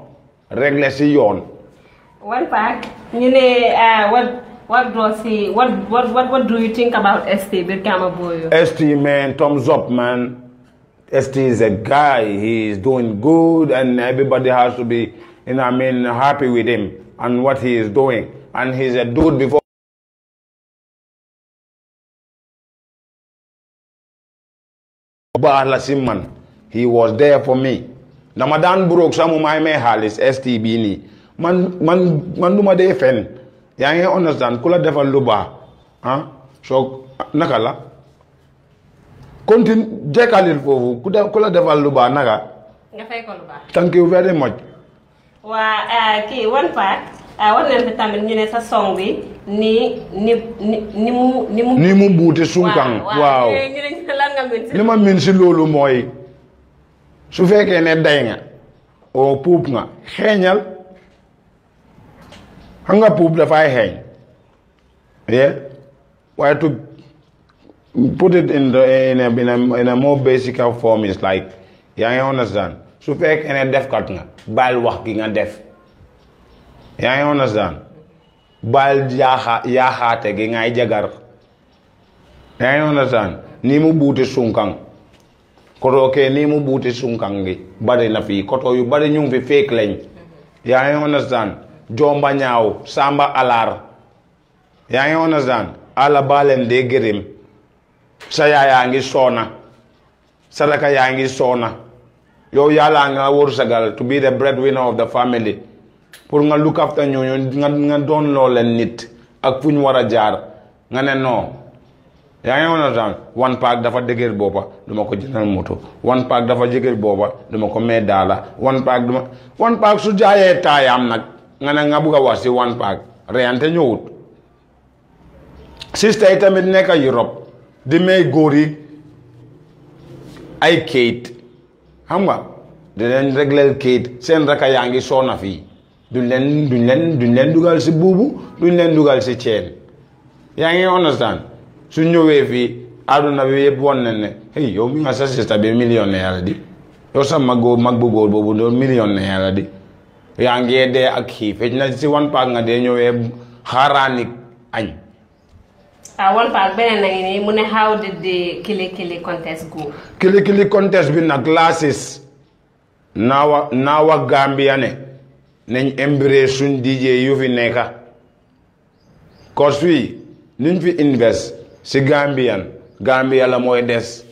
one pack ñu ne uh, what what do what what what do you think about ST Brikama boy. ST man thumbs up man. ST is a guy, he is doing good, and everybody has to be, you know, I mean, happy with him and what he is doing. And he's a dude before. ba alasim man he was there for me dama daan broke sax mu may may xaalis STB nii man man man du ma dee fen yaa ngi understand ku la defal lu baax ah soo naka la continue jekkalil foofu ku def ku la defal lu baax naka. nga fay ko lu baax. thank you very much. waa eh, kii one part eh, war nañu fi tamit ñu ne sa song bi. ni ni ni mu ni mu. ni mu buute sunkan. waaw li ma min loolu mooy su fekkee ne day nga oo puub nga xeeñal xam nga puub dafay xeeñ yeah waaye to put it in the in a in a more basic form is like yaa ngi understand su fekkee ne defkat nga bàyyil wax gi nga def yaa ngi understand bal yaha yahate gi ngay jagar I understand ni mu buuti sunkang koto ke ni mu buuti sunkang gi bari na fi koto yu bari ñu fi fake lañ yaa ngi understand jomba ñaaw samba alar yaa ngi understand ala balen de gërëm sa yaay yaa ngi soona sadaka yaa ngi soona yow yàlla nga wërsëgal to be the breadwinner of the family pour nga look after ñooñu nga nga doon loo leen nit ak fu ñu war a jaar nga ne noo yaa nga woon daal one pack dafa deger booba du ko jëndal moto one pack dafa dëgër booba du ko may daala one pack du ma one pack su jaayee taayaam nag nga ne nga bugg a wax si one pack reyante ñëwut sista yi tamit nekk Europe di may góor yi ay kayit xam di dinañ regleel kayit seen raka yaa ngi soona fii duñ leen duñ leen duñ leen dugal si buubu duñ leen dugal si ceen yaa ngi understand su ñëwee fii àdduna bi yëpp won na ne hey yow mi nga sa sista bi millionnaire la di mag mag bu góor boobu doon millionnaire la di yaa ngi dee ak kii fecc na si one pack nga dee ñëwee xaaraani añ. ah one pack beneen na ngi mu ne how did kili kili contest bi nag classes naawa naawa Gambia ne. nañ embrace suñ DJ yu fi nekka cause fii nuñ fi invest si Gambian Gambia la mooy des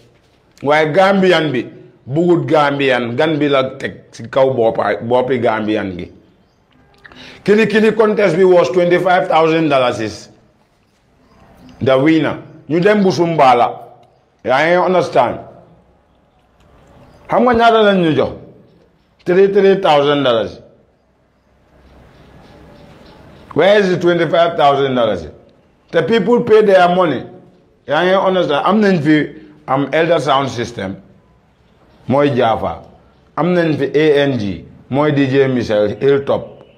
waaye Gambian bi bugut Gambian gan bi la teg ci kaw boppa boppi Gambian gi kili kili contest bi was twenty five thousand dollars the winner ñu dem Busumbala yaa ngi xam nga ñaata lañ ñu jox three three thousand dollars Where is the twenty-five thousand dollars? The people pay their money. I understand. I'm not the I'm Elder Sound System. Moy Java. I'm not the ANG. Moy DJ Michelle Hilltop.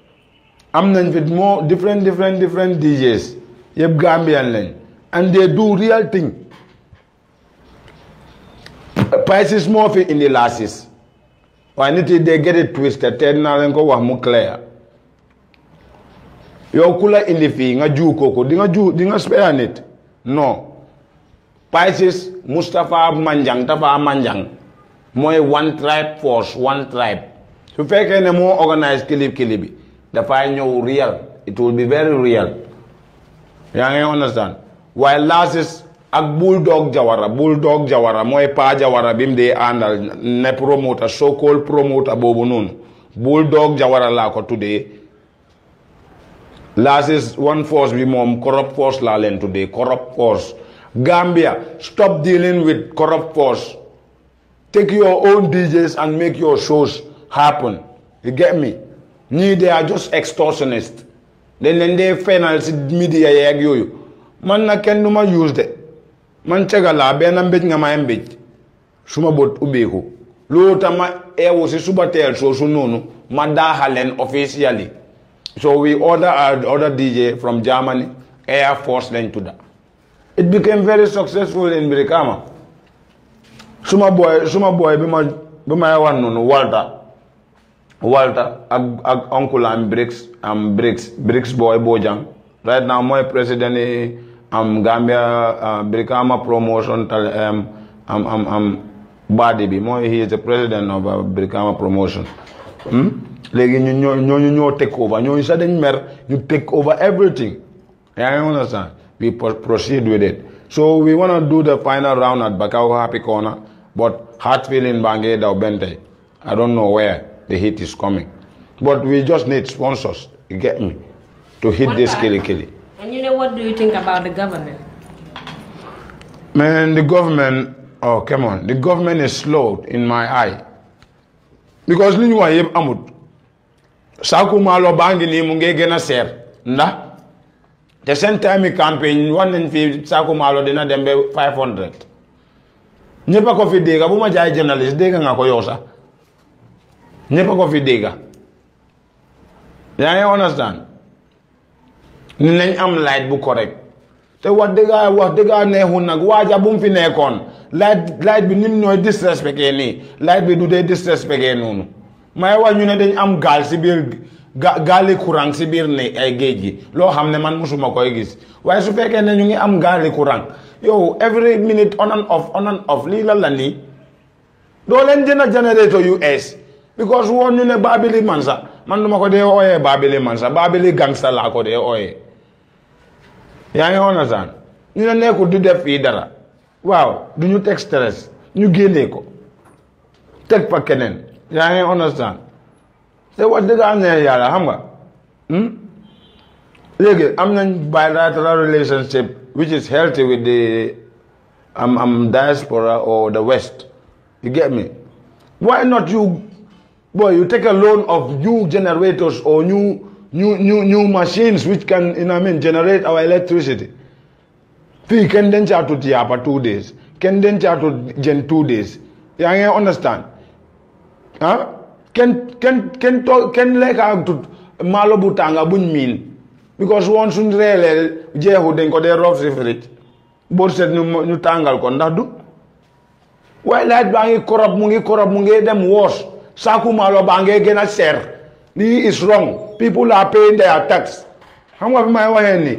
I'm not with more different, different, different DJs. Yep, Gambian land. And they do real thing. Prices more in the lasses. Why need they get it twisted? Ten now and go more clear. yow ku la indi fii nga juu kooku di nga juu di nga spare nit non Pisces Moustapha Manjang Tafa Manjang mooy one tribe force one tribe su fekkee ne moo organise kilib kilib bi dafay ñëw real it will be very real yaa ngi understand waaye laasis ak bulldog jawara bulldog jawara mooy paa jawara bi mu dee àndal ne promoter so promoter boobu noonu bulldog jawara laa ko tuddee laasis one force bi moom corrupt force laa leen tuddee corrupt force Gambia stop dealing with corrupt force take your own DJs and make your shows happen you ñii they are just extortionists dañ leen dee fenal si media yeeg yooyu man na kenn du ma use de man cega laa benn mbéj nga may mbéj su ma bët ubbeeku loolu tam ma eewu si suba teel soosu noonu ma daaxa leen officially So we order our other DJ from Germany, Air Force then to that. It became very successful in Birikama. Suma boy, suma boy, be my one no Walter. Walter, ag, ag, uncle and Bricks, am Bricks, Bricks boy Bojang. Right now, my president i am Gambia uh, Birikama promotion um, um, um, um, body. Be. He is the president of uh, Birikama promotion. Hmm? léegi ñun ñoo ñooñu ñoo take over ñooñu sax dañ mer ñu take over everything yaa ngi understand we proceed with it so we wanna do the final round at Bakau Happy Corner but heart feeling baa ngee daw benn tey I don't know where the heat is coming but we just need sponsors you get me to hit what this kili kili. And you know what do you think about the government? Man, the government, oh come on, the government is slow in my eye because li ñu saaku maalo baa ngi nii mu ngee gën a seer ndax te seen time campagne wax nañ fii saaku maalo dina dem ba five hundred ñëpp a ko fi dégga bu ma jaay journaliste dégga nga ko yow sax ñëpp ko fi dégga yaa ngi understand ni nañ am light bu correct te wax dëgga wax dëgga neexul nag waaja bu mu fi nekkoon light light bi nim ñooy disrespecté nii light bi du dee disrespecté noonu may wax ñu ne dañ am gaal si biir ga gaali courant si biir ne ay géej gi loo xam ne man musuma koy gis waaye su fekkee ne ñu ngi am gaali courant yow every minute on and off on and off lii lan la nii doo leen jënd a générateur yu ees because woon ñu ne Babili Mansa man duma ko dee ooyee Babili Mansa Babili gangsta laa ko dee ooyee yaa ngi understand ñu ne nekkul di def fii dara waaw du ñu teg stress ñu génnee ko teg fa keneen you I understand. Say what the guy there, y'all, Hmm? Look, I'm in bilateral relationship which is healthy with the um, um, diaspora or the West. You get me? Why not you, boy, you take a loan of new generators or new new new new machines which can, you know I mean, generate our electricity. Fee can then charge to for two days, can then charge to Gen two days. You understand? ah ken ken kenn toog kenn lekk ak tut maalo bu buñ because woon suñ reelee jeexu dañ ko de roof si fridge boo seet ñu tàngal ko ndax du waaye laaj baa ngi korop mu ngi korop mu ngi dem woos saaku maalo baa ngi gën a is wrong people are paying their tax xam nga fi may waxee ni?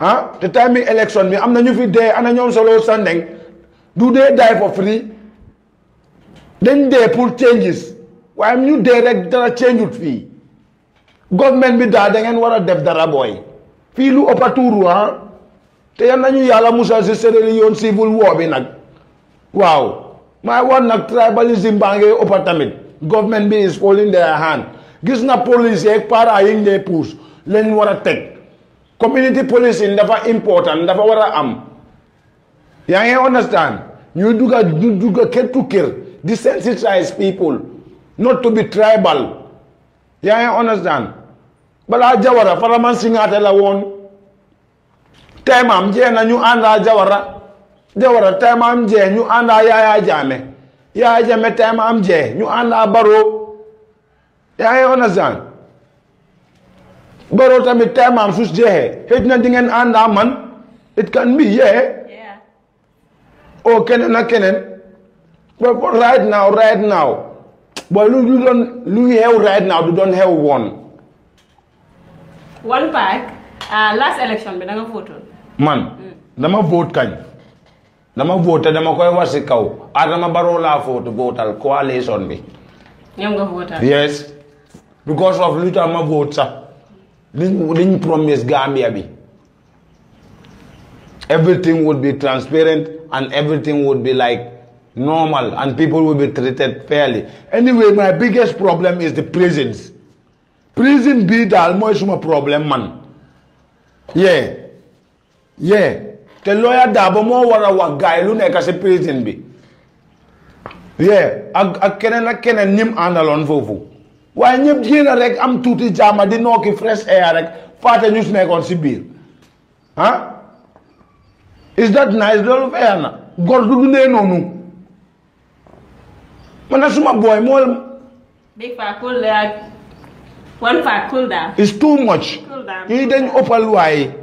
ah te time election bi amna na ñu fi dee ana ñoom solo sandeng du dee die for free dañ dee pour changes waaye ñu dee rek dara changeut fii government bi daa da ngeen war a def dara booy fii lu ëpp a tuuru ah te yan nañu yàlla musal si séréli yoon civil war bi nag waaw maa war nag tribalism baa ngi ëpp tamit government bi is falling their hand gis na police yeeg para yi ñu puus leen war a teg community policing dafa important dafa war a am yaa ngi understand ñuy dugga dugga kër to kër di sensitize people not to be tribal yaa ngi understand balaa Jawara Faraman Singate la woon taymaam jee na ñu àndaa Jawara Jawara taymaam jee ñu àndaa Yaya Jammeh Yaya Jammeh taymaam jee ñu àndaa Barrow yaa ngi understand Barrow tamit taymaam sus jeexee xëj na di ngeen àndaa man it can be yeah o oh, keneen ak keneen right now right now But you don't look hell right now, you don't have one. One pack. Uh, last election, but I'm vote. Man, I'm hmm. not vote can. didn't vote dama koy wasi kaw adama ah, baro la vote votal coalition bi ñom nga vote yes because of lu tax ma vote sax Ling ling promise gambia bi everything would be transparent and everything would be like normal and people will be treated fairly. Anyway, my biggest problem is the prisons. Prison be the almost more problem, man. Yeah. Yeah. The lawyer dabo mo wara wa guy lu na kase prison be. Yeah, a kenen a kenen nim analon vovo. Why nim jina rek am tuti jama di noki fresh air rek fata news na kon sibir. Huh? Is that nice little fair na? God do no no. Mana suma boy mol. Big fat cool there. Uh, one fat cool down. It's too much. Cool down. You didn't open why.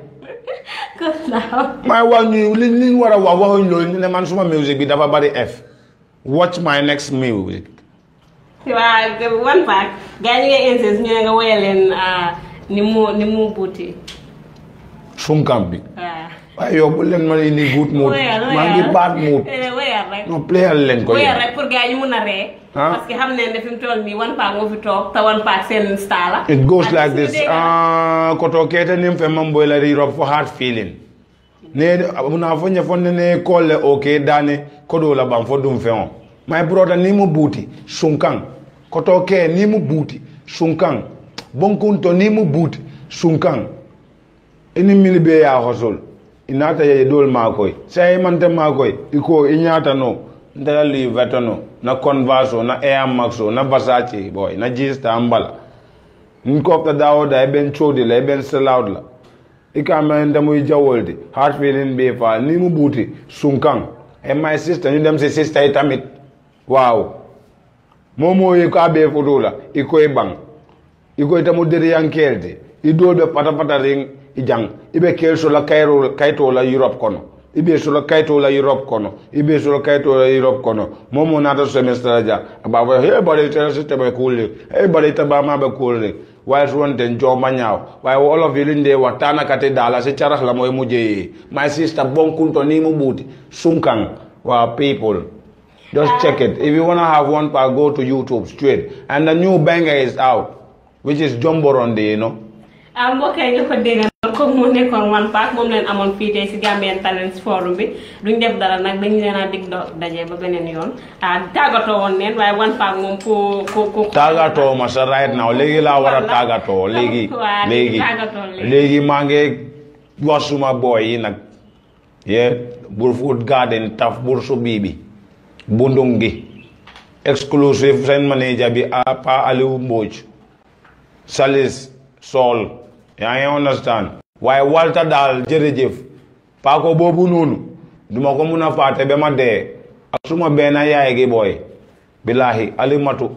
<laughs> Cool down. My one you lean what I want you in the man some music Be with everybody F. Watch my next music. One pack. Ganya is going to well in uh, Nimu Nimu Booty. Sungkambi. Yeah. waaye yow bu leen ma indi good mood. maa ngi bad mood. wéyal eh, rek non pléyal leen ko. wéyal rek pour gars yi mun a ree. parce que xam nañ fi mu toll nii One Pac moo fi toog te One Pac seen star la. it goes like this ah, koto kete nim fe man boy la ri rob for hard feeling. ne muna fo ɲɛfɔ ne ne kɔlɛ oke dane kodo la ban fɔ dun fɛn o my brother ni mu buti sunkan koto kɛ ni mu buti sunkan bonkuntɔ ni mu buuti sunkan ini ni mili bɛ y'a hɔsol inata ye dol makoy say mante makoy iko inyata no ndala li vetano na converso na air maxo na versace boy na jista ambala nkopta dawo da e ben chodi la e ben sellout la ika e men da muy jawolde heart feeling be fa ni mu buti sunkan e my sister ñu dem ci sister yi tamit momo yi ko abe fotola ikoy bang ikoy tamu deri yankelde ido be pata pata ring i ibe i be ke sola kayito la europe kono i be sola kayito la europe kono i be sola kayito la europe kono mo mo nata semestre la ja a b'a fɔ he bari itara si tɛbɛ kuuli he bari ita bama bɛ kuuli waaye suwon ten jɔma ñaaw waaye wolof yi linde wa tana kati daala si carax la moy muje my sister bon kunto ni mu buuti sunkan wa people just check it if you wanna have one go to youtube straight and the new banger is out which is jumbo the you know I'm um, okay, boobu moo nekkoon One Pac moom leen amoon fii tey si Gambian Talents forum bi duñ def dara nag dañu leen a daje ba beneen yoon ah tàggatoo woon neen waaye One Pac moom ko tàggatoo ma sa right now léegi laa war tàggatoo léegi. <laughs> léegi léegi maa ngi wax booy yi nag. ye Brufut Garden taf bursu bii bi bundung gi exclusive seen manager bi Pa Aliou Mbodj salis sol yaa ngi understand waaye walta daal jërëjëf paako boobu noonu duma ko mun a faate ba ma dee ak suma benn yaay gi booy billaahi alimatu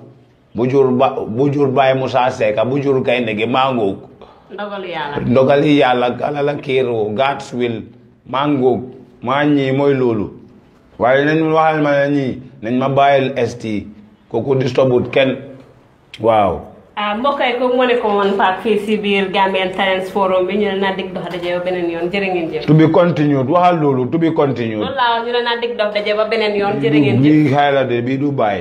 bu jur ba bu jur baay Musa Seka bu jur gaynde gi maa ngóog ndogali yàlla ndogali yàlla ala la will maa ngóog maa ñii mooy loolu waaye nañ waxal ma ne ñii nañ ma bàyyil ST kooku disturbut kenn waaw ah mbokk yi comme moo nekkoon woon Pape fii si biir Gambian bi ñu ne naa dig dox daje ba beneen yoon jërë ngeen jëf. to continued waxal loolu to be continued. loolu laa ñu ne naa dig dox daje ba beneen yoon jërë ngeen jëf. bii du bàyyi.